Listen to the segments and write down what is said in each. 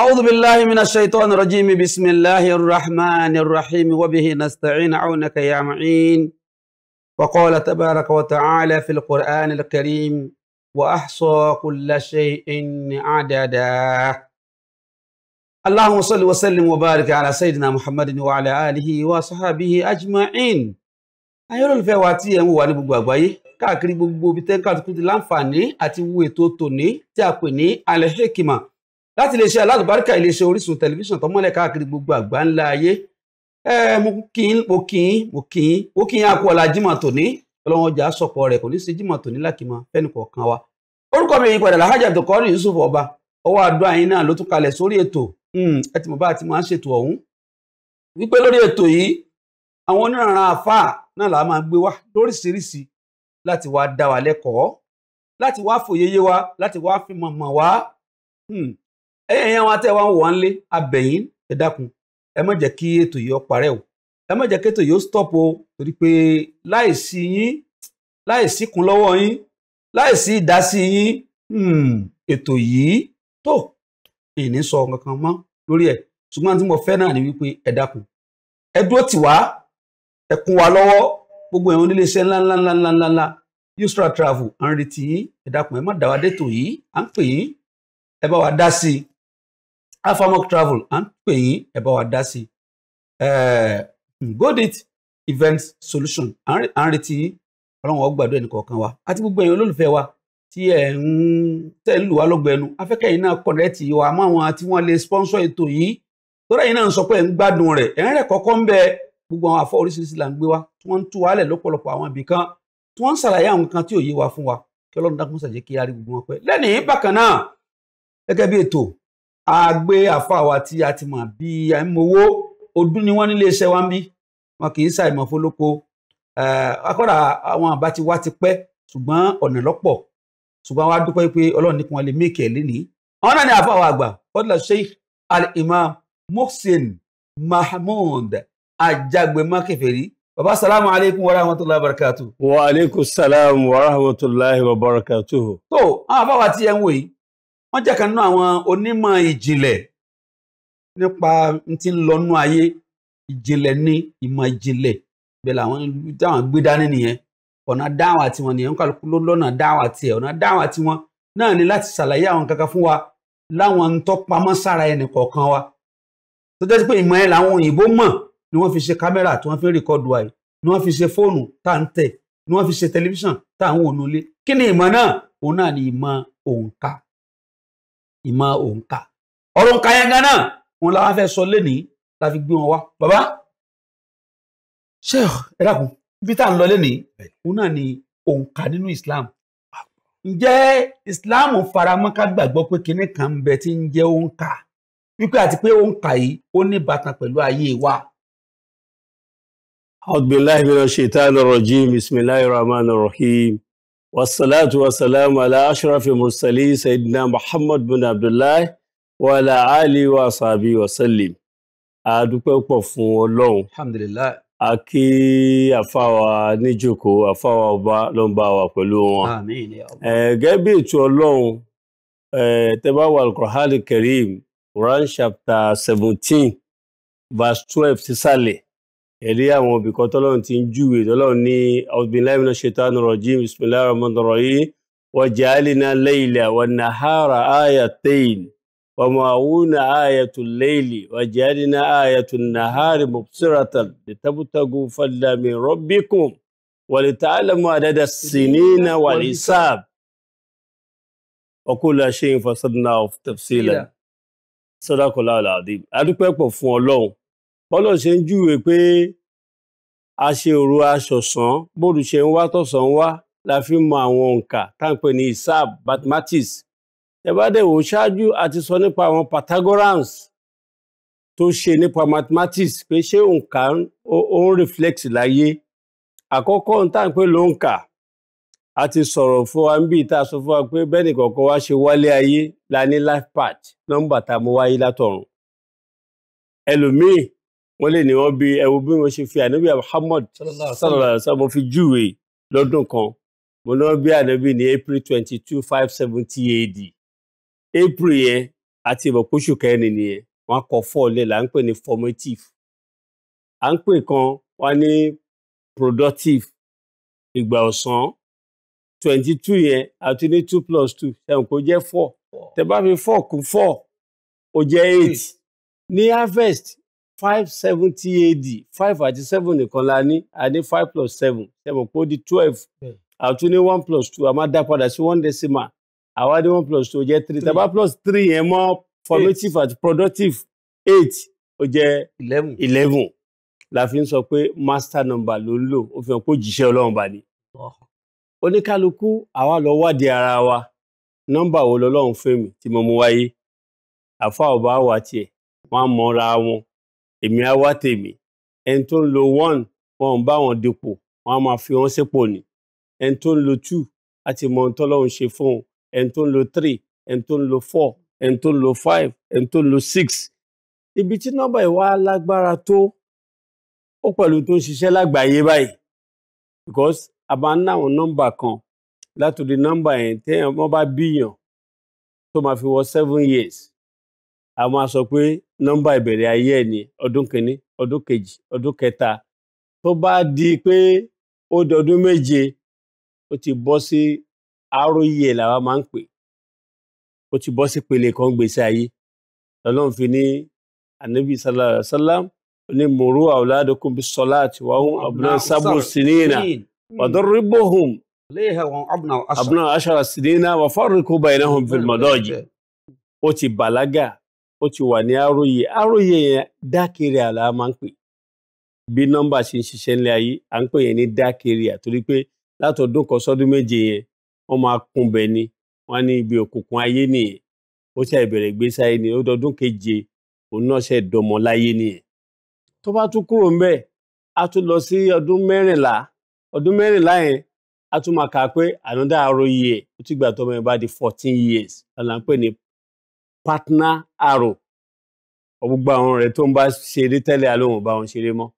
أعوذ بالله من الشيطان الرجيم بسم الله الرحمن الرحيم وبه نستعين عونك يا معين وقال تبارك وتعالى في القرآن الكريم وأحصى كل شيء عددا اللهم صل وسلم وبارك على سيدنا محمد وعلى آله وصحبه أجمعين ayọ́rọ̀ ìfẹ́ wa tí ẹ̀ ń wà ní gbogbo àgbáyé káàkiri gbogbo ibi tẹ́ńkà láti iléeṣẹ́ alálùbáríkà iléeṣẹ́ orísun tẹlifíṣàn tó mọ́lẹ̀ káàkiri gbogbo àgbá ńlá ayé mo kì í mo kì í mo kì í mo kì í akọ ọ̀la jímọ̀ tòní ọlọ́wọ́n ọjà sọ̀pọ̀ rẹ̀ kò ní sí jímọ̀ tòní lákìmọ̀ fẹ́nìkọ̀ọ̀kan wa orúkọ mi yìí padà láhájà Abdulkadir Yusuf ọba ọwọ́ àdúrà yín náà ló tún kalẹ̀ sórí ètò hmm, ẹ ti mọ̀ bá àti máa ń ṣètò ọ̀hún wípé lórí ètò yìí àwọn oníranran àfáà náà làá máa gbé wá lóríṣiríṣi láti wá dá wa lẹ́kọ̀ọ́ láti wá fòyeyé wa láti wá fìmọ̀mọ̀ wa ẹ̀yin ẹ̀yin àwọn atẹ́wà ń wọ̀ ń lé abẹ̀yìn ẹ dákun ẹ má jẹ́ kí ètò yìí ó parẹ́ o ẹ má jẹ́ kí ètò yìí ó stop o torí pé láìsí yín láìsí kun lọ́wọ́ yín láìsí ìdásí yín hmm, ètò yìí tó ìní sọ kankan mọ́ lórí ẹ̀ ṣùgbọ́n tí mo fẹ́ náà ni wípé ẹ ẹ dúró tì wá ẹ kún wa lọ́wọ́ gbogbo ẹ̀wọ̀n oníléeṣẹ́ ńláńláńláńláńlá Ustral Travel à ń retí yín ẹ dákun ẹ má dá wa dé tò yìí à ń pè yín ẹ bá wa dá sí i afamok travel and ń pè yín ẹ bá wa eh, godit event solution à ń retí yín ọlọ́run ọgbàdo ẹnì kọ̀ọ̀kan wa àti gbogbo ẹ̀yin olólùfẹ́ wa tí ẹ̀ ń tẹ̀ ń lù wá lọ́gbọ̀ ẹnu afẹ́kẹ́yìn náà kọ̀nẹ́ẹ̀tì wa mọ́ àwọn tí wọ́n lè sponsor ètò yìí tọ́lá yìí náà ń sọ pé ẹ̀ ń gbádùn rẹ̀ ẹ̀ ń rẹ̀ kọ́kọ́ ń bẹ gbogbo àwọn afọ oríṣiríṣi là ń gbé wa tí wọ́n ń tú wálẹ̀ lọ́pọ̀lọpọ̀ àwọn ibì kan tí wọ́n ń ṣàlàyé àwọn nǹkan tí ò yé wa fún wa kí ọlọ́run dákun kí á rí gbogbo wọn pẹ́ lẹ́nìí bákan náà gẹ́gẹ́ bí ètò àgbé àfàwà tí a ti mọ̀ bí àìmọ̀wó ọdún ni wọ́n nílé iṣẹ́ wa ń bí wọn kì í ṣàìmọ̀ fólóko akọ́dà àwọn àbá ti wá ti pẹ́ ṣùgbọ́n ọ̀nà lọ́pọ̀ ṣùgbọ́n wa dúpẹ́ pé ọlọ́run ní kí wọ́n lè méèkì ẹ̀ lénìí àwọn náà ni àfàwà àgbà fọdùlà sheikh al-imam muhsin mahmood ajagbe makeferi baba salamu aleykum wa rahmatulahi wa barakatuhu. wa aleykum salaam wa rahmatulahi wa barakatuhu. tó àwọn àfàwà tí ẹ ń wò yìí wọ́n jẹ́ kan nínú àwọn onímọ̀ ìjìnlẹ̀ nípa ti ń lọ́nú ayé ìjìnlẹ̀ ní ìmọ̀ ìjìnlẹ̀ bẹ́ẹ̀ làwọn táwọn gbé dání nìyẹn ọ̀nà dáwà tiwọn nìyẹn kálukú ló lọ́nà dáwà tiẹ̀ ọ̀nà dáwà tiwọn náà ni láti ṣàlàyé àwọn kankan fún wa láwọn ń tọ́ pamọ́ sára ẹnì kọ̀ọ̀kan wa tó jẹ́ pé ìmọ̀ ẹ̀ làwọn òyìnbó mọ̀ ni wọ́n fi ṣe kámẹ́rà tí wọ́n fi ń rìkọ́dù wa yìí ni wọ́n fi ṣe fóònù tá à ń tẹ̀ ni wọ́n fi ṣe tẹlifíṣàn tá à ń wò nulẹ̀ kí ni ìmọ̀ náà òun náà ni ìmọ̀ òǹkà ìmọ̀ òǹkà ọ̀rọ̀ òǹkà yẹn gan náà wọn làwọn fẹ́ sọ lénìí la fi gbé wọn wá bàbá sheikh ẹ dákun ibi tá à ń lọ lénìí òun náà ni òǹkà nínú islam ǹjẹ́ islam faramọ́ ká gbàgbọ́ pé kinní kan ń bẹ tí ń jẹ́ òǹkà wípé àti pé òǹkà yìí ó ní bàtàn pẹ̀lú ayé wa. أعوذ بالله من الشيطان الرجيم بسم الله الرحمن الرحيم والصلاة والسلام على أشرف المرسلين سيدنا محمد بن عبد الله وعلى آله وصحبه وسلم adúpẹ́ pọ̀ fún ọlọ́run. alhamdulilayi. a kí àfáwa níjókòó àfáwa ọba ló ń bá wa pẹ̀lú wọn. àmín. gẹ́gẹ́ bí ètò ọlọ́run tẹ́bá al-Qur'an al Quran chapter seventeen verse twelve sísàlẹ̀ ẹ̀rí àwọn ibìkan tọ́lọ́run ti ń júwe tọ́lọ́run ní ọ̀gbìnláì mina ṣetán rọ̀jí bisimilayi rahman rahim wa ja'alina layla wa nahara ayatayn wa ma'una ayatul layli wa ja'alina ayatul nahari mubsiratan litabtagu fadlan min rabbikum wa lita'lamu adada sinina wal hisab wa kulla shay'in fasalnahu tafsilan sadaqallahu alazim adúpẹ́ pọ̀ fún ọlọ́run bọ́lọ̀ ṣe ń júwe pé a ṣe òru aṣọ̀sán bóòlù ṣe ń wá tọ̀sán wá la fi mọ àwọn òǹkà tá à ń pè ní isab mathematics ẹ̀bádẹ́wò ṣáájú a ti sọ nípa àwọn Pythagoreans tó ṣe nípa mathematics pé ṣé òǹkà ó ń reflect láyé àkọ́kọ́ ohun tá ń pè a ti sọ̀rọ̀ fún wa níbi tá sọ fún wa pé bẹ́ẹ̀ni kọ̀ọ̀kan wá ṣe wálé ayé la ní life path nọ́mbà tá a mú wáyé látọ̀run ẹlòmíì wọ́n lè ní wọ́n bí ẹ wo bí wọ́n ṣe fi ànábì Muhammad sallallahu alaihi wasallam fi júwe lọ́dún kan mo ní wọ́n bí ànábì ní April twenty two five seventy AD April yẹn àti ìbọ̀kóṣù kẹrin nìyẹn wọ́n kọ fọ́ọ̀lẹ́ là ń pè ní formative à ń pè kan wọ́n ní productive ìgbà ọ̀sán twenty two yẹn àti ní two plus two ẹ̀hún kò jẹ́ four tẹ bá fi four kún four ó jẹ́ eight ní harvest five seventy AD five àti seven nìkan la ní a ní five plus seven ṣẹ̀mọ̀ pé ó di twelve àtún ní one plus two a máa dá padà sí one decimal àwa ní one plus two ó jẹ́ three tàbá plus three yẹn mọ́ formative àti productive eight ó jẹ́ eleven la fi ń sọ pé master number ló ń lò ó fi hàn pé òjíṣẹ́ ọlọ́run bá ní. oníkálukú àwa lọ wádìí ara wa nọ́mbà wo lọ́lọ́run fún mi tí mo mú wáyé àfa ọba àwa tiẹ̀ wọ́n á mọ́ra wọn èmi á wá tèmi ẹni tó ń lo one wọn ń bá wọn dipò wọn á máa fi wọn sípò ni ẹni tó ń lo two á ti mọ ohun tọ́lọ́run ṣe fún un ẹni tó ń lo three ẹni tó ń lo four ẹni tó ń lo five ẹni tó ń lo six ibi tí nọ́mbà ìwà lágbára tó ó pẹ̀lú tó ń ṣiṣẹ́ lágbàáyé báyìí because a máa ń náwọn nọ́mbà kan látòdì nọ́mbà yẹn téèyàn wọn bá bíyàn tó máa fi wọ seven years a máa sọ pé nọmba ìbẹ̀rẹ̀ ayé ẹ̀ ní ọdún kìíní ọdún kejì ọdún kẹta tó bá di pé ó dọdún méje ó ti bọ́ sí e làwa máa ń pè ó ti bọ́ sí pele kan gbèsè ayé lọ́lọ́run fi ní ànábì sallallahu ní mòrú àwòládókùn bí sọlá àti wàhùn àbúrò sábò sínìnà ọ̀dọ́rìbóhùn àbúrò aṣọ àṣìlẹ́nà wà fọ́ọ̀rù kó báyìí náà ó ti ó ti wà ní aróye aróye yẹn dákèrè àlà máa ń pè bí nọ́mbà ṣe ń ṣiṣẹ́ ńlẹ̀ ayé à ń pè yẹn ní dákèrè àtòrí pé látọdún kan sọdún méje yẹn wọ́n máa kún bẹ̀ ni wọ́n ní ibi òkùnkùn ayé nìyẹn ó ṣe ìbẹ̀rẹ̀ ìgbésí ayé nìyẹn ó dọdún keje òun náà ṣe dọmọ láyé nìyẹn tó bá tún kúrò ńbẹ̀ a tún lọ sí ọdún mẹ́rìnlá ọdún mẹ́rìnlá yẹn a tún máa kà pé ànádà aróye ẹ̀ ó ti gbà tọmọ yẹn bá di fourteen years àlà ń pè ní partner arrow gbogbo àwọn ọ̀rẹ́ tó ń bá ṣeré tẹ́lẹ̀ alóhùn bá wọn ṣeré mọ́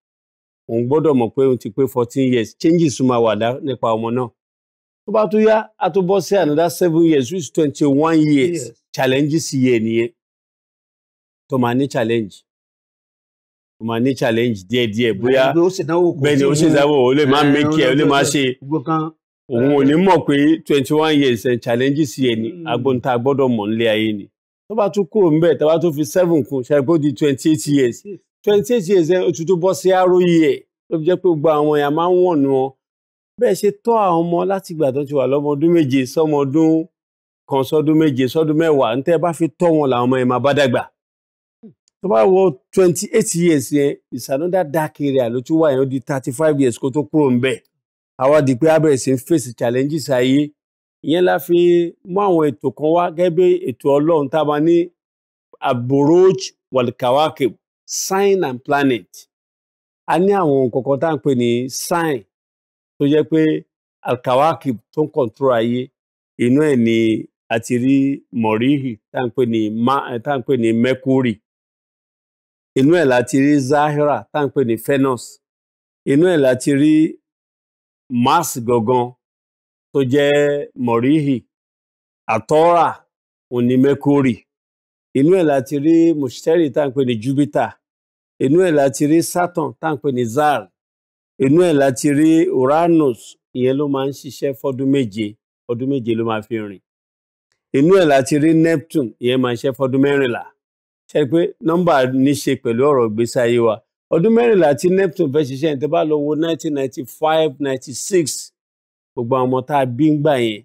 òun gbọ́dọ̀ mọ̀ pé òun ti pé fourteen years changes máa wà nípa ọmọ náà tó bá tó yá a tó bọ́ sí another seven years which is twenty one years challenges yẹ nìyẹn tó máa ní challenge o máa ní challenge díẹ̀ díẹ̀ bóyá bẹ́ẹ̀ni ó ṣe ìdáwó o lè máa make ẹ o lè máa ṣe òun ò ní mọ̀ pé twenty one years and eh, challenges yẹ ni hmm. agbóntá gbọ́dọ̀ mọ̀ nílé ayé ni tó bá tún kúrò ńbẹ̀ tá a bá tún fi seven kún ṣàgbó di twenty eight years twenty eight years ẹ oṣù tó bọ́ sí aró yẹ e ló fi jẹ́ pé gbogbo àwọn èèyàn máa ń wọ̀nù wọn bẹ́ẹ̀ ṣe tọ́ àwọn ọmọ láti ìgbà tó ti wà lọ́mọ ọdún méje sọ́mọ ọdún kan sọ́dún méje sọ́dún mẹ́wàá ntẹ́ bá fi tọ́ wọn làwọn ọmọ yẹn máa bá dàgbà tó bá wọ twenty eight years yẹn ìsànúdà dark area ló tún wà yẹn ó di thirty five years kó tó kúrò ńbẹ̀ àwa di pé abẹ́rẹ́ sí ń face challenges ayé ìyẹn la fi mú àwọn ètò kan wá gẹ́gẹ́ bí ètò ọlọ́run tá a máa ní aburoj walkawakib sign and planet a ní àwọn nǹkan tá à ń pè ní sign tó jẹ́ pé alkawakib tó ń kọ̀ntró ayé inú ẹ̀ ni a rí mọ̀ríhì tá à ń pè ní ma tá à ń pè ní mercury inú ẹ̀ la rí zahira tá à ń pè ní phenos inú ẹ̀ la rí mars gangan tó jẹ́ mọ̀ríhì àtọ́rà òní mẹ́kórì inú ẹ̀ láti rí mùsítẹ́rì tá à ń pè ní júpítà inú ẹ̀ láti rí saturn tá à ń pè ní zar inú ẹ̀ láti rí uranus ìyẹn ló máa ń ṣiṣẹ́ fọ́dún méje ọdún méje ló máa fi rìn inú ẹ̀ láti rí neptune ìyẹn máa ṣiṣẹ́ fọ́dún mẹ́rìnlá ṣe pé nọ́mbà ní ṣe pẹ̀lú ọ̀rọ̀ ìgbésí ayé wa ọdún mẹ́rìnlá tí neptune fẹ́ ṣiṣẹ́ ní 1995, bá gbogbo àwọn ọmọ tá a bí ń gbà yẹn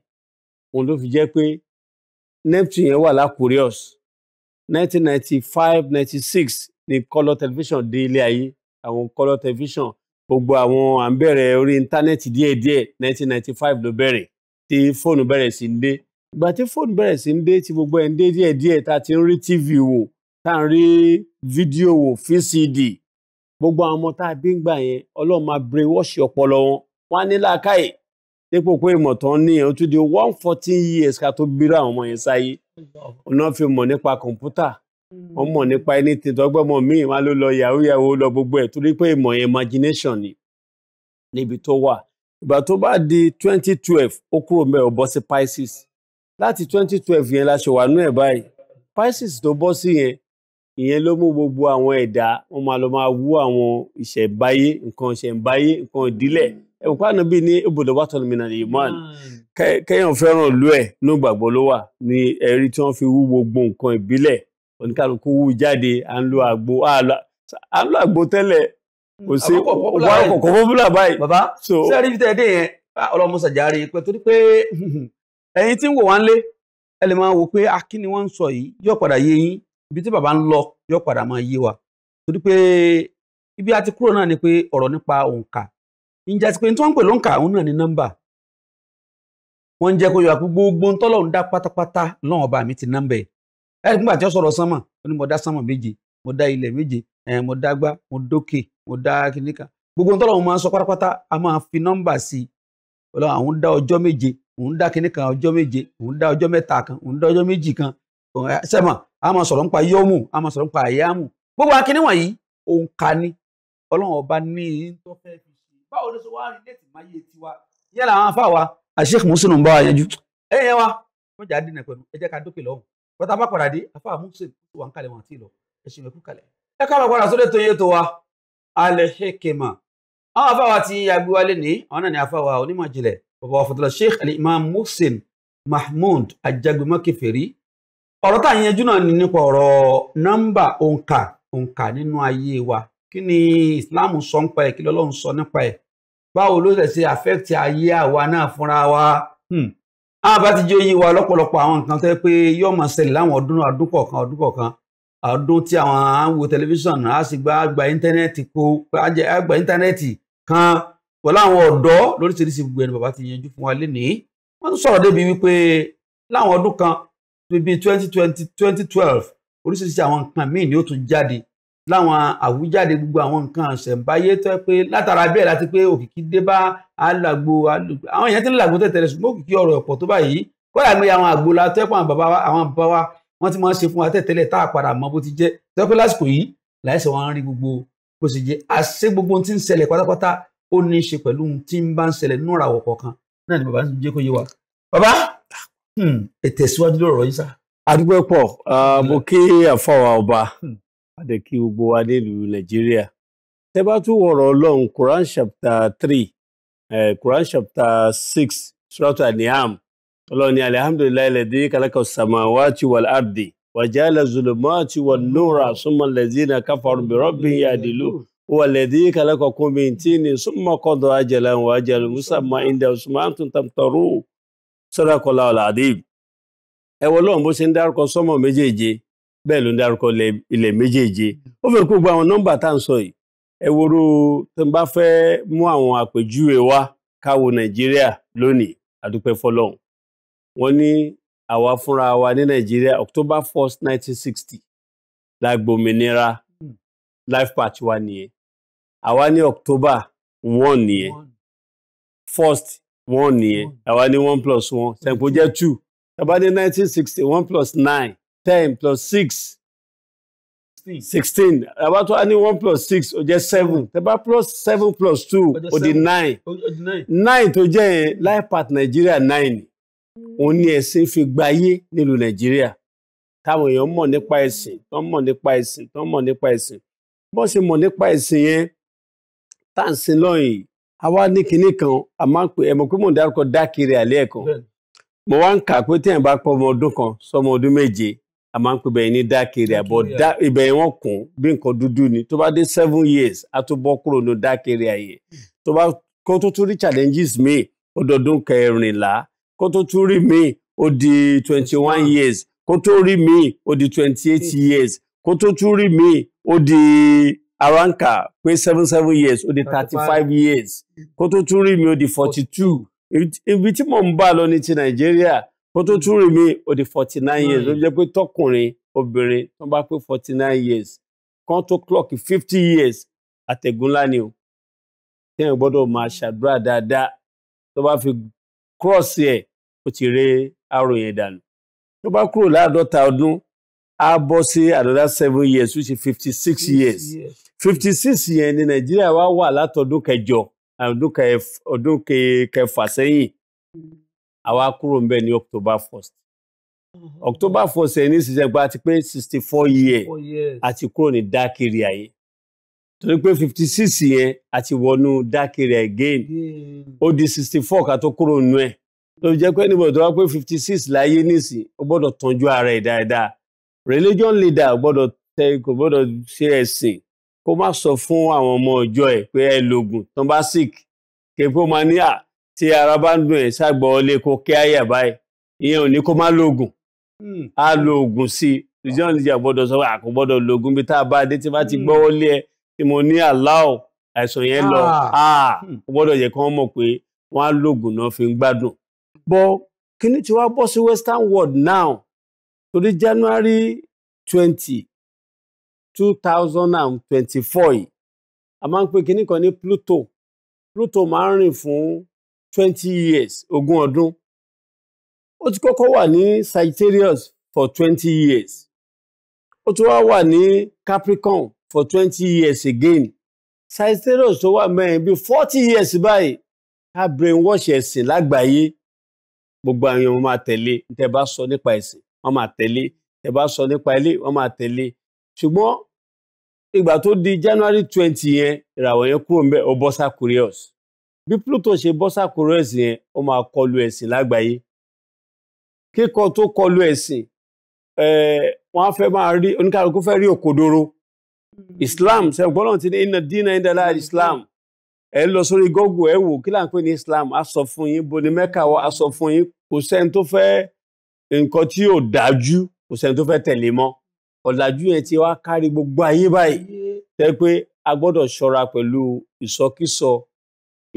òun ló fi jẹ́ pé neptune yẹn wà lákùrẹ́ọ̀s 1995 96 ni color television dé ilé ayé àwọn color television gbogbo àwọn à ń bẹ̀rẹ̀ orí íńtánẹ́ẹ̀tì díẹ̀díẹ̀ 1995 ló bẹ̀rẹ̀ tí fóònù bẹ̀rẹ̀ sí ń dé ìgbà tí fóònù bẹ̀rẹ̀ sí ń dé tí gbogbo ẹ̀ ń dé díẹ̀díẹ̀ tá a ti ń rí tv wò tá a ń rí fídíò wò vcd gbogbo àwọn ọmọ tá a bí ń gbà yẹn ọlọ́run máa brainwash ọpọlọ wọn wọn á ní làákàyè dípò pé ìmọ̀ tán ní ẹ̀ ó tún di one fourteen years ká tó bírò àwọn ọmọ yẹn sáyé ọ̀nà fi mọ̀ nípa kọ̀ǹpútà wọ́n mọ̀ nípa anything tọ́gbọ́n mọ̀ míì wá ló lọ yahoo yahoo lọ gbogbo ẹ̀ torí pé ìmọ̀ yẹn imagination ni níbi tó wà ìgbà tó bá di twenty twelve ó kúrò mẹ́ ọ̀ bọ́ sí Pisces láti twenty twelve yẹn la ṣe wà nú ẹ̀ báyìí Pisces tó bọ́ sí yẹn ìyẹn ló mú gbogbo àwọn ẹ̀dá wọ́n máa lọ máa wú àwọn ìṣẹ̀ǹbáyé nǹkan ìṣẹ̀ǹbáyé nǹkan ìdílẹ̀ ẹ̀wùpá nàbí ní ibùdó wàtọ̀ mìnà ìmọ̀n kẹ́yàn fẹ́ràn lú ẹ̀ ní gbàgbọ́ ló wà ní ẹ̀rí tí wọ́n fi wú gbogbo nǹkan ìbílẹ̀ oníkàlùkù wú jáde à ń lo àgbo à ń lo àgbo tẹ́lẹ̀ kò sí ọ̀pọ̀ pọ́pùlà báyìí. bàbá sẹ́ẹ̀rí fi tẹ́ẹ̀dẹ́ yẹn ọlọ́mọsàjáre pé torí pé ẹ̀yin tí ń wò wá lé ẹ lè máa wò pé akí ni wọ́n ń sọ yìí yóò padà yé yín ibi tí bàbá ń lọ yóò padà máa yé wa torí pé ibi a kúrò náà ni pé ọ̀rọ̀ nípa òǹkà ìjà sí pé tí wọ́n ń pè lóǹkà òun náà ní nọ́mbà wọ́n ń jẹ́ kó yọ àpò gbogbo tọ́lọ̀ ń dá pátápátá lọ́wọ́n ọba mi ti nọ́mbà ẹ̀ ẹ̀ nígbà tí wọ́n sọ̀rọ̀ sánmọ̀ ó ní mo dá sánmọ̀ méje mo dá ilẹ̀ méje ẹ̀ mo dá gbá mo dókè mo dá kìnníkà gbogbo tọ́lọ̀ wọn máa ń sọ pátápátá a máa fi nọ́mbà sí ọlọ́run àwọn dá ọjọ́ méje òun dá kìnníkà ọjọ́ méje òun dá ọjọ́ mẹ́ta kan òun dá ọjọ́ méjì kan sẹ́mọ̀ a máa sọ̀rọ̀ nípa yọ́mù a máa sọ̀rọ̀ nípa àyámù gbogbo akíní wọ̀nyí òun ọlọ́run ọba ní tó báwo ló ṣe wá rí létí máa yé tiwa. ìyẹn làwọn afá wa àṣeyìk musin ń bá wa yanjú ẹ yẹn wa wọn jà á dínà pẹ̀lú ẹ jẹ́ ká dókè lọ́hùn bàtà bá padà dé afá musin tó wà ń kalẹ̀ wọn àti ìlọ ẹ ṣe lẹkùn kalẹ̀. ẹ ká máa padà sórí ètò yẹn tó wa alẹ́ hekema àwọn afá wa ti agbéwálé ní àwọn náà ní afá wa onímọ̀ ìjìnlẹ̀ bàbá wa fọtọlọ sheikh alimam musin mahmud ajagbemọkẹfẹrí ọ̀rọ̀ tá à ń yanjú nípa ọ̀rọ̀ nọ́mbà òǹkà òǹkà nínú ayé wa kí ni Islam sọ nípa ẹ̀ kí lọ́lọ́run sọ nípa ẹ̀ báwo ló ṣẹ̀ṣẹ̀ affect ayé àwa náà fúnra wa àbá hmm. ti jẹ́ yín wa lọ́pọ̀lọpọ̀ àwọn nǹkan tẹ́ pé yóò máa ṣẹlẹ̀ láwọn ọdún ọdún kọ̀ọ̀kan ọdún kọ̀ọ̀kan ọdún tí àwọn à ń wo tẹlifíṣàn á sì gba àgbà íńtánẹ́ẹ̀tì kó àgbà íńtánẹ́ẹ̀tì kan pẹ̀lú àwọn ọ̀dọ́ lóríṣiríṣi gbogbo ẹni bàbá ti yanjú fún wa lénìí wọ́n tún sọ̀rọ̀ débi wípé láwọn ọdún kan bíi twenty oríṣiríṣi àwọn nǹkan míì ni ó tún jáde láwọn àwùjáde gbogbo àwọn nǹkan ṣẹ̀ǹbáyé tó pé látara bẹ́ẹ̀ láti pé òkìkí dé bá alàgbo alùpùpù àwọn èèyàn ti ń làgbo tẹ̀tẹ̀rẹ̀ ṣùgbọ́n òkìkí ọ̀rọ̀ ọ̀pọ̀ tó báyìí kọ́lá mi àwọn àgbo la tó pọ̀ àwọn bàbá wa wọ́n ti máa ń ṣe fún wa tẹ̀tẹ̀lẹ̀ tá a padà mọ bó ti jẹ́ tó pé lásìkò yìí láìsẹ̀ wọn rí gbogbo bó ṣe jẹ́ àṣé gbogbo ohun tí ń ṣẹlẹ̀ pátápátá ó ní í adé kí gbogbo wa nílùú nàìjíríà tẹ́ bá tún wọ̀rọ̀ ọlọ́run quran chapter three eh, quran chapter six surat al-ni'am ọlọ́run ní alihamdulilayi lẹ́dí kálákà samawati wal ardi wàjálà zulumati wal nura summa lẹ́dínà káfàrún bi rabbihim ya'dilu wàlẹ́dí kálákà kùmìntíni summa qada ajalan wa ajalun musamma inda summa antum tamtarun sọ́dọ̀ kọlá ọ̀làdí ẹ̀wọ̀ ọlọ́run bó ṣe ń dárúkọ sọ́mọ̀ méjèèje bẹ́ẹ̀ ló ń dárúkọ ilẹ̀ méjèèje ó fẹ́ kó gba àwọn nọ́mbà tá à ń sọ yìí ẹ woro tó ń bá fẹ́ mú àwọn àpèjúwe wá káwo nàìjíríà lónìí àdúpẹ́ fọlọ́hún wọ́n ní àwa fúnra wa ní nàìjíríà october first nineteen sixty la gbòmìnira life patch wa nìyẹn àwa ní october one nìyẹn first one nìyẹn àwa ní one plus one ṣẹ̀ǹpọ̀ jẹ́ two tàbá ní nineteen sixty one plus nine ten plus six sixteen àbá tó a one plus six ó jẹ́ seven tẹ́bá plus seven plus two ó di nine nine tó jẹ́ yẹn life path Nigeria nine òun ni ẹ̀sìn fi gbayé nílùú Nàìjíríà táwọn èèyàn mọ̀ nípa ẹ̀sìn tó mọ̀ nípa ẹ̀sìn tó mọ̀ nípa ẹ̀sìn bó ṣe mọ̀ nípa ẹ̀sìn yẹn tá sin lọ́yìn yìí a wá ní kinní kan a máa ń pè ẹ mọ̀ pé mò ń dárúkọ dákìrì àlẹ́ ẹ̀kan mo wá ń kà pé téèyàn bá pọ̀ ọmọ ọdún a máa ń pè bẹ́ẹ̀ ní dark area but ibẹ̀ yẹn wọ́n kún bí nǹkan dúdú ni tó bá dé seven years a tó bọ́ kúrò ní dark area yẹn tó bá kó tó tún rí challenges míì ó dọdún kẹrìnlá kó tó tún rí míì ó di twenty one years kó tó rí míì ó di twenty eight years kó tó tún rí míì ó di aranka pé seven seven years ó di thirty five years kó tó tún rí míì ó di forty two ibi tí mò ń bá lọ ní ti nàìjíríà ó tó tún rìn mí ó di forty nine years ó jẹ́ pé tọkùnrin obìnrin tó bá pé forty nine years kan tó clock fifty years àtẹ̀gùn ńlá o téèyàn gbọ́dọ̀ máa ṣàdúrà dáadáa tó bá fi cross ẹ̀ ó ti ré arò yẹn dànù tó bá kúrò láàdọ́ta ọdún á bọ́ sí another seven years which is fifty six years fifty six yẹn ní nàìjíríà wá wà látọdún kẹjọ ọdún kẹfà sẹ́yìn hmm àwa kúrò ńbẹ̀ ní October first mm-hmm. October first ẹ̀ ní ṣiṣẹ́ gba ti pé sixty four year àti kúrò ní dark area yìí torí pé fifty six yẹn àti wọnú dark again ó di sixty four ká tó kúrò nù ẹ̀ tó jẹ́ pé níbo tó wá pé fifty six láyé nísìn ó gbọ́dọ̀ tọ́jú ara ẹ̀ dáadáa religion leader gbọ́dọ̀ tẹ kò gbọ́dọ̀ ṣe ẹ̀sìn kó má sọ fún àwọn ọmọ ọjọ́ ẹ̀ pé ẹ lògùn tó bá sick kéèpé ó máa ní à tí ara bá ń dùn ẹ̀ ṣàgbọ́ ọ lé kó kí àyà báyìí ìyẹn ò ní kó má lòògùn á lo oògùn hmm. sí i ìjọ ìjà gbọ́dọ̀ sọ pé àkó gbọ́dọ̀ lòògùn bí tá a bá dé tí bá ti hmm. gbọ́wọ́ lé ẹ tí mo ní aláwọ àìsàn yẹn lọ ó ah. hmm. gbọ́dọ̀ yẹ kí wọ́n mọ̀ pé wọ́n á lòògùn náà fi ń gbádùn bọ kíní tí wàá bọ́ sí western world now torí january twenty two thousand and twenty-four yìí a máa ń pè kíní kan ní pluto pluto máa ń rìn fún twenty years ogún ọdún ó ti kọ́kọ́ wà ní Sagittarius for twenty years ó tún wá wà ní Capricorn for twenty years again Sagittarius tó wà mẹ́rin bíi forty years báyìí ká brainwash ẹ̀sìn lágbàáyé gbogbo àwọn èèyàn máa tẹ̀lé tẹ́ bá sọ nípa ẹ̀sìn wọ́n máa tẹ̀lé tẹ́ bá sọ nípa ilé wọ́n máa tẹ̀lé ṣùgbọ́n ìgbà tó di January twenty yẹn ìràwọ̀ yẹn kúrò ń bẹ̀ ó bọ́ bí Pluto ṣe bọ́ sàkóró ẹ̀sìn yẹn ó máa kọlu ẹ̀sìn lágbàáyé kíkọ tó kọlu ẹ̀sìn wọ́n á fẹ́ máa rí oníkàlùkù fẹ́ rí òkodoro hmm. Islam ṣẹ̀gbọ́n ti ní iná dínà ìdálá Islam ẹ lọ sórí Google ẹ wò kí là ní Islam a sọ fún yín boni Mẹ́kà wa a sọ fún yín kò sẹ́ni tó fẹ́ nǹkan tí yóò dájú kò sẹ́ni tó fẹ́ tẹ̀lé mọ́ ọ̀làjú yẹn ti wá kárí gbogbo ayé báyìí tẹ́ pé a gbọ́dọ̀ ṣọ́ra pẹ̀lú ìsọkísọ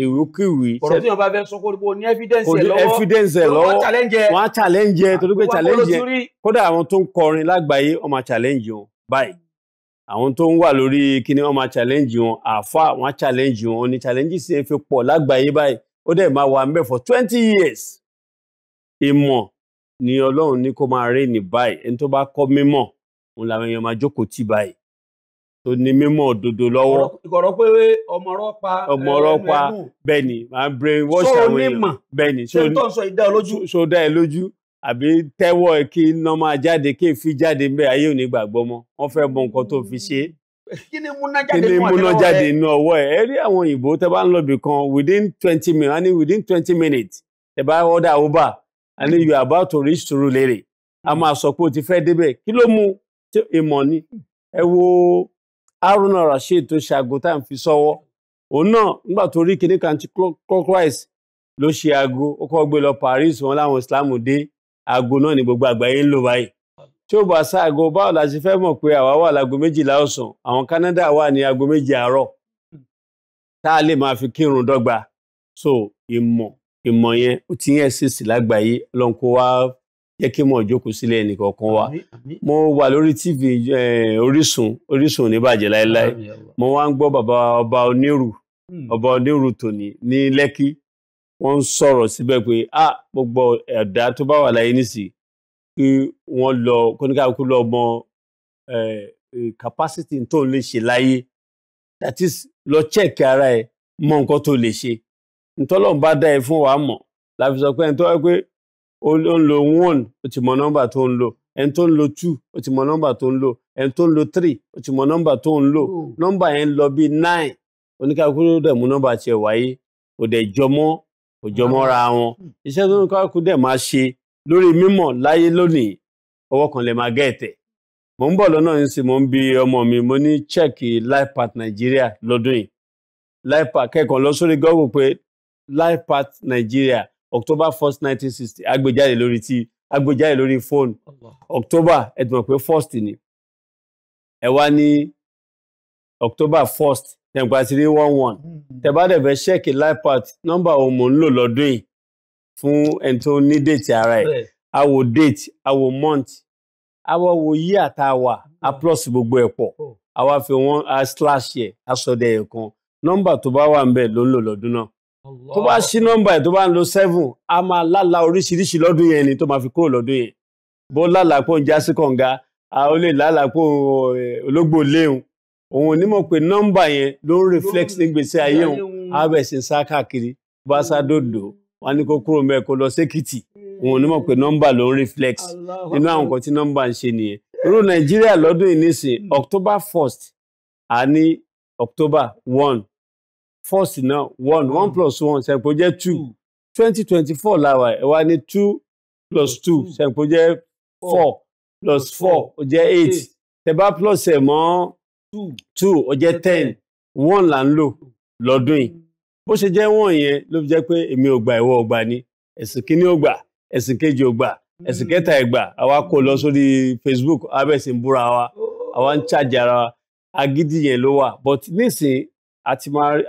èròkèrè. ọ̀rọ̀ tí wọn bá fẹ́ sọ kó ní evidence ẹ̀ lọ́wọ́ wọ́n challenge ẹ̀ wọ́n challenge ẹ̀ torí tó ń challenge wọn báyìí ń wà lórí kíní wọn máa challenge wọn àfa wọn challenge wọn ní challenges yẹn fi pọ̀ lágbàáyé báyìí ó dẹ̀ máa wà ńbẹ̀ for twenty years ìmọ̀ ni ọlọ́run ní kó máa rìn ní báyìí ẹni tó bá kọ́ mímọ̀ tó ní mímọ̀ òdodo lọ́wọ́. ìkọ̀rọ̀ pé ọmọọ̀rọ̀ pa ọmọọ̀rọ̀ eh, pa bẹ́ẹ̀ ni máa ń brain wash àwọn èèyàn bẹ́ẹ̀ ni ṣé tó ń sọ ìdá olójú. ṣó dá ẹ lójú àbí tẹ́wọ́ ẹ kí iná máa jáde kí n fi jáde ń bẹ ayé ò ní gbàgbọ́ mọ́ wọ́n fẹ́ mọ nǹkan tó fi ṣe. kí ni múná jáde inú ọwọ́ ẹ ẹ rí àwọn òyìnbó tẹ bá ń lọ bì kan within twenty minutes àní within twenty minutes tẹ bá order Uber àní you are about to reach Surulere a máa sọ pé o ti fẹ́ débẹ̀ kí ló mú ìmọ̀ ni ẹ wo haruna rasheed tó ṣe aago tá à ń fi sọ́wọ́ òun náà nígbà tó rí kinní kan anti-clockwise ló ṣe aago ó kọ́ gbé lọ paris wọn láwọn islam dé aago náà ni gbogbo àgbáyé ń lò báyìí tí ó bá ṣaago báwo la ṣe fẹ́ mọ̀ pé àwa wà láago méjìlá ọ̀sán àwọn canada wà ní aago méje àárọ̀ tá a lè máa fi kírun dọ́gba so ìmọ̀ ìmọ̀ yẹn ó ti yẹn ṣèṣì lágbàáyé ọlọ́run kó wá jẹ́ kí mọ̀ jókòó sílẹ̀ ẹnìkọ̀ọ̀kan wa mo wà lórí tv orísun orísun ò ní bàjẹ́ láéláé mo wá ń gbọ́ bàbá ọba onírù hmm. ọba onírù tòní ní lẹ́kí wọ́n ń sọ̀rọ̀ síbẹ̀ pé a gbogbo ẹ̀dá tó bá wà láyé nísì kí wọ́n lọ kóníkàkú lọ mọ capacity tó ń lè ṣe láyé that is lọ check ara ẹ mọ nǹkan tó lè ṣe ntọ́lọ́run bá dá ẹ fún wa mọ̀ láfi sọ pé ntọ́ ó ń lo one ó ti mọ nọ́mbà tó ń lò ẹni tó ń lo two ó ti mọ nọ́mbà tó ń lò ẹni tó ń lo three ó ti mọ nọ́mbà tó ń lò hmm. nọ́mbà yẹn lọ bí nine oníkàkú ló dẹ̀ mú nọ́mbà tiẹ̀ wáyé kò dẹ̀ jọmọ́ kò jọmọ́ ra wọn iṣẹ́ tó oníkàkú dẹ̀ máa ṣe lórí mímọ̀ láyé lónìí ọwọ́ kan lè máa gẹ̀ẹ́tẹ̀ mo ń bọ̀ lọ́nà yìí sí mo ń bi ọmọ mi mo ní chẹ́ẹ̀kì life path Nigeria lọ́dún yìí life path kẹ́kọ̀ọ́ lọ sórí gọ́ọ̀gù pé life path Nigeria October first nineteen sixty agbèjáde lórí tí agbèjáde lórí fóònù October ẹ ti mọ̀ pé first ni ẹ wá ní October first tẹ̀gbà ti one one hmm. tẹ̀bádẹ̀ fẹ́ life lipart nọ́mbà òun mò ń lò lọ́dún yìí fún ẹni tó ní déètì ara ẹ̀ a wò déètì a wò month a wò wò yí àtàwà a hmm. plus gbogbo ẹ̀ pọ̀ oh. a wá fi wọ́n a slash yẹ a yẹ kan nọ́mbà tó bá wà ń bẹ̀ ló ń lò lọ́dún náà tó bá ṣí nọ́mbà ẹ̀ tó bá ń lo seven a máa lálà oríṣiríṣi lọ́dún yẹn ni tó máa fi kúrò lọ́dún yẹn bó lálà pé òun jásí kànga a ó lè lálà pé ológbò léhùn òun onímọ̀ pé nọ́mbà yẹn ló ń reflect nígbèsè ayé òun á bẹ̀ sí sá káàkiri bá sá dòdò wọn ní kó kúrò mẹ́ẹ̀ kó lọ sékìtì òun onímọ̀ pé nọ́mbà ló ń reflect nínú àwọn nǹkan tí nọ́mbà ń ṣe nìyẹn irú nàìjíríà lọ́dún yìí nísìn hmm. october first àní october one First náà one one hmm. plus one ṣẹ̀pọ̀ jẹ́ two hmm. twenty twenty four làwà ẹ̀ wá ní two plus two ṣẹ̀pọ̀ jẹ́ four plus four ó jẹ́ eight tẹ̀bá plus ẹ̀ mọ́ two ó jẹ́ ten one là ń lò hmm. lọ́dún yìí bó ṣe jẹ́ wọ́n yẹn ló fi jẹ́ pé èmi ò gbà ìwọ ò ni ẹ̀sìn kínní ò gbà ẹ̀sìn kejì ò gbà ẹ̀sìn kẹta ẹ̀ gbà àwa kò lọ sórí Facebook abẹ́sìn búra wa àwa ń ṣàjà ara wa agídí yẹn ló wà but nísìnyí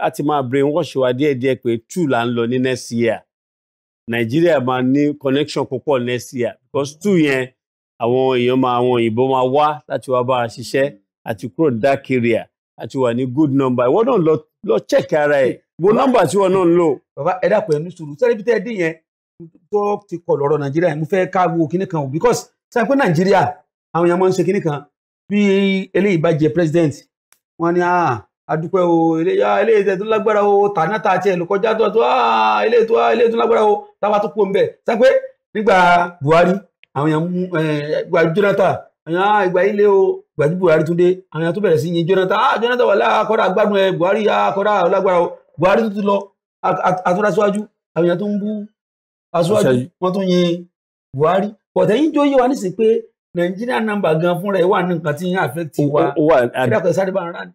a ti máa brainwash wa díẹ̀díẹ̀ pé two là ń lọ ní next year nàìjíríà máa ní connection púpọ̀ next year because two yẹn àwọn èèyàn máa àwọn òyìnbó máa wá láti wá bá a ṣiṣẹ́ àti kúrò dark area àti wà ní good number ìwọ náà lọ lọ check ara ẹ wo nọ́mbà tí wọn náà ń lò. bàbá ẹ dàpọ̀ ẹnu sùúrù sẹ́ríbi tẹ́ ẹ dín yẹn tó ti kọ̀ lọ́rọ̀ nàìjíríà mo fẹ́ ká wo kinní kan o because sáà pé nàìjíríà àwọn èèyàn máa ń ṣe kinní kan bí eléyìí bá jẹ president wọn ni ah adúpẹ́ o eléyà eléyìí ah, tẹ̀ tó lágbára o tàná ta tiẹ̀ ló kọjá tó eléyìí tó eléyìí ah, ah, tó lágbára o táwa tó kó ń bẹ̀ sápẹ́ nígbà Buhari àwọn èèyàn mú ìgbà Jonathan àwọn ìgbà ilé o ìgbà tí Buhari tún dé àwọn èèyàn tó bẹ̀rẹ̀ sí yin Jonathan ah Jonathan wà láà kọ́dà gbádùn ẹ Buhari ah kọ́dà lágbára o Buhari tún ti lọ àtúndáṣíwájú àwọn èèyàn tó ń bú aṣíwájú wọ́n tún yin Buhari pọ̀tẹ́yìn jó yé wa nísìnyí pé Nàìjíríà nọ́mbà gan fúnra ẹ̀ wà nǹkan tí yín àfẹ́ ti wá kí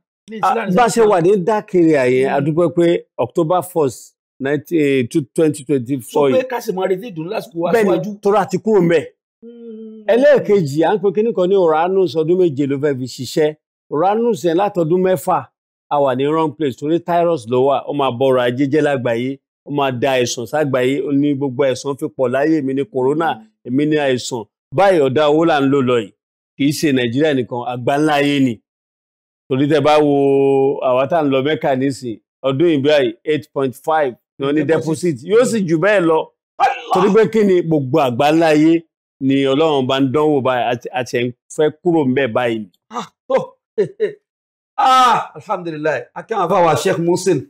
bá a ṣe wà ní dákìrì àyè àdúpẹ́ hmm. pé October first eh, twenty twenty four yìí. sọ pé ká sì máa retí ìdùnnú lásìkò aṣáájú. bẹ́ẹ̀ni tọrọ àti kúrò mẹ. Hmm. ẹlẹ́ẹ̀kejì à ń pe kíní ní Uranus ọdún méje ló fẹ́ fi ṣiṣẹ́ Uranus yẹn látọdún mẹ́fà a wà ní wrong place torí Taurus ló wà ó máa bọ̀rọ̀ ajé jẹ́ lágbàáyé ó máa da àìsàn ságbàáyé ó ní gbogbo àìsàn fi pọ̀ láyé èmi ní corona hmm. èmi ní àìsàn báyìí ọ̀dà owó là ń lò lọ yìí kì í ṣe Nàìjíríà nìkan àgbáńlá ayé ni torí tẹ bá wo àwa tá ń lọ mẹ́kà nísìn ọdún ìgbà yìí eight point five ni wọ́n ní deposit yóò sì jù bẹ́ẹ̀ lọ torí pé kí ni gbogbo àgbáńlá ayé ni ọlọ́run bá ń dánwò báyìí àti ẹ̀ ń fẹ́ kúrò ń bẹ̀ báyìí. Ah, ah, alhamdulilayi akẹ́wọ̀n afáwà sheikh Musin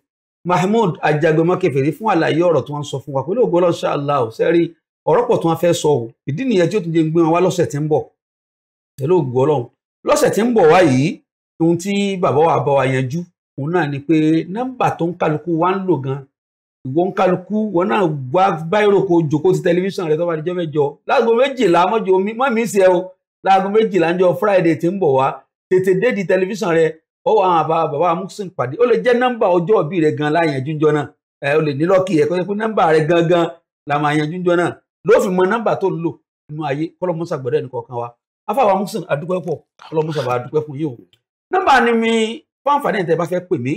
mahmood ajagbemakefere fún àlàyé ọ̀rọ̀ tí wọ́n sọ fún wa pẹ̀lú ògbó ọlọ́ṣà aláwọ̀ sẹ́rí ọ̀rọ̀ pọ̀ tí wọ́n fẹ́ sọ ìdí nìyẹn tí ó tún jẹ́ gbé wọn wá lọ́sẹ̀ tí ń bọ̀ pẹ̀lú ògbó lọ́sẹ̀ tí ń bọ̀ wá yìí ohun tí bàbá wa bá wa yanjú òun náà ni pé nọ́mbà tó ń kálukú wa ń lò gan ìwọ ń kálukú wọn náà wá báyìí kó jòkó ti tẹlifíṣàn rẹ tó bá di jọmẹjọ láago méjìlá mọjọ mọ mi sí ẹ o láago méjìlá ń jọ friday tí ń bọ̀ wá tètè dé di tẹlifíṣàn rẹ ó wà àwọn àbá bàbá amúsùn pàdé ó lè jẹ́ nọ́mbà ọjọ́ ìbí rẹ gan láyanjú jọ náà ó lè ní lọ́ọ̀kì ẹ kó pé nọ́mbà rẹ gangan la máa yanjú jọ náà ló fi mọ nọ́mbà tó ń lò nínú ayé kọlọmọsà gbọ́dọ̀ ẹnì kọ̀ọ̀kan wa afáwọn amúsùn adúpẹ́ pọ̀ kọlọmọsà bá adúpẹ́ fún yìí o nọ́mbà ni mi fún àǹfààní ìtẹ́ bá fẹ́ pè mí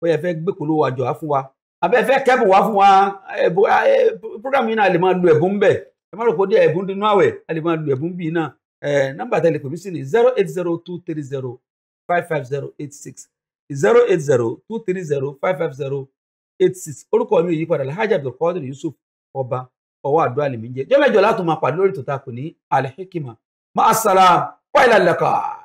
bóyá ẹ fẹ́ gbé polówó àjọ wá fún wa àbẹ́ ẹ fẹ́ kẹ́bù wá fún wa program yìí náà a lè máa lu ẹ̀bùn bẹ̀ ẹ má rò pé ẹ̀bùn dínú àwẹ̀ a lè máa lu ẹ̀bùn bíi náà nọ́mbà tẹ̀lé pè mí sí ni zero eight zero two three zero five five zero eight six zero eight zero two three zero five five zero eight six orúkọ mi ò yí padà Alhaji Abdulkadir Yusuf ọba ọwọ́ àdúrà lèmi jẹ́ jọ́mẹ́jọ́ látò máa pàdé lórí tòta kò ní Al Hikmat máa sàlám